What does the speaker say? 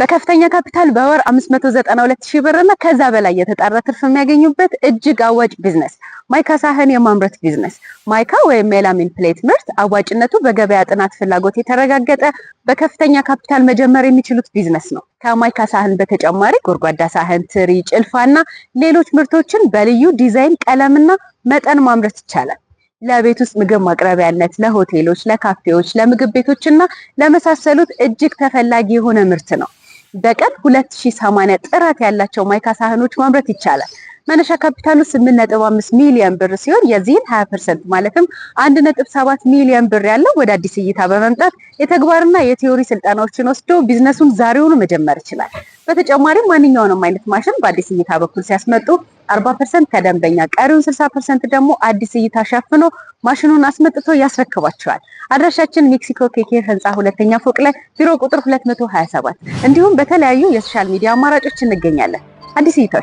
በከፍተኛ ካፒታል በወር 592 ሺህ ብር እና ከዛ በላይ የተጣራ ትርፍ የሚያገኙበት እጅግ አዋጭ ቢዝነስ ማይካ ሳህን የማምረት ቢዝነስ። ማይካ ወይም ሜላሚን ፕሌት ምርት አዋጭነቱ በገበያ ጥናት ፍላጎት የተረጋገጠ በከፍተኛ ካፒታል መጀመር የሚችሉት ቢዝነስ ነው። ከማይካ ሳህን በተጨማሪ ጎድጓዳ ሳህን፣ ትሪ፣ እና ሌሎች ምርቶችን በልዩ ዲዛይን ቀለምና መጠን ማምረት ይቻላል። ለቤት ውስጥ ምግብ ማቅረቢያነት፣ ለሆቴሎች፣ ለካፌዎች፣ ለምግብ ቤቶችና ለመሳሰሉት እጅግ ተፈላጊ የሆነ ምርት ነው። በቀን 2080 ጥራት ያላቸው ማይካ ሳህኖች ማምረት ይቻላል። መነሻ ካፒታሉ 8.5 ሚሊዮን ብር ሲሆን የዚህን 20 ፐርሰንት ማለትም 1.7 ሚሊዮን ብር ያለው ወደ አዲስ እይታ በመምጣት የተግባርና የቴዎሪ ስልጠናዎችን ወስዶ ቢዝነሱን ዛሬውኑ መጀመር ይችላል። በተጨማሪም ማንኛውንም አይነት ማሽን በአዲስ እይታ በኩል ሲያስመጡ 40 ፐርሰንት ከደንበኛ ቀሪውን 60 ፐርሰንት ደግሞ አዲስ እይታ ሸፍኖ ማሽኑን አስመጥቶ ያስረክባቸዋል። አድራሻችን ሜክሲኮ ኬኬ ህንፃ ሁለተኛ ፎቅ ላይ ቢሮ ቁጥር 227 እንዲሁም በተለያዩ የሶሻል ሚዲያ አማራጮች እንገኛለን። አዲስ እይታ